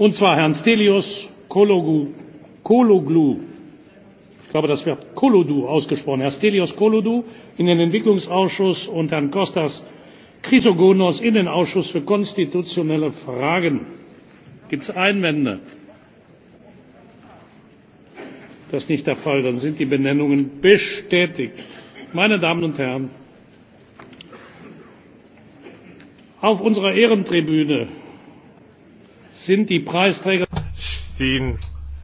und zwar Herrn Stelios Kologlu, ich glaube, das wird Kolodou ausgesprochen, Herr Stelios Kolodou in den Entwicklungsausschuss und Herrn Kostas Chrysogonos in den Ausschuss für konstitutionelle Fragen. Gibt es Einwände? Das ist nicht der Fall. Dann sind die Benennungen bestätigt. Meine Damen und Herren, auf unserer Ehrentribüne sind die Preisträger. Στην